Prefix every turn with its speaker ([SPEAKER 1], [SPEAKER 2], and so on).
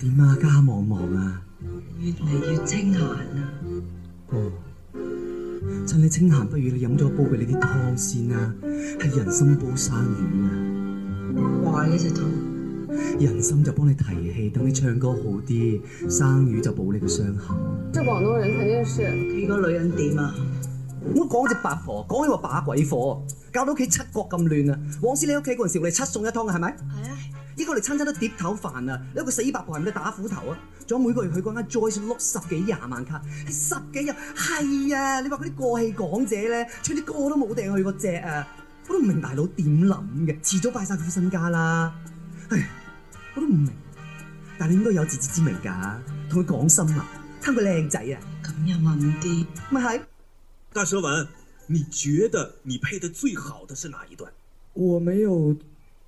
[SPEAKER 1] 點啊，家忙唔忙啊？越嚟越清閒啊。哦，趁你清閒，不如你飲咗煲俾你啲湯先啊。係人參煲生魚啊。怪呢隻湯。人參就幫你提氣，等你唱歌好啲。生魚就補你個傷口。即係廣東人，肯定是佢個女人點啊？我講隻八婆，講起話把鬼火，搞到屋企七國咁亂啊！往時你屋企嗰陣時，我哋七送一湯嘅係咪？係啊。依家我哋餐餐都碟頭飯啊！你個死八婆人咪打斧頭啊？仲有每個月去嗰間 Joyce 碌十幾廿萬卡，十幾日係啊！你話嗰啲過氣港姐咧，唱啲歌都冇地去嗰隻啊！我都唔明大佬點諗嘅，遲早敗晒佢副身家啦！唉，我都唔明。但係你應該有自知之明噶，同佢講心話，貪佢靚仔啊！咁又話啲咪係？大蛇文，你覺得你配得最好的是哪一段？我沒有。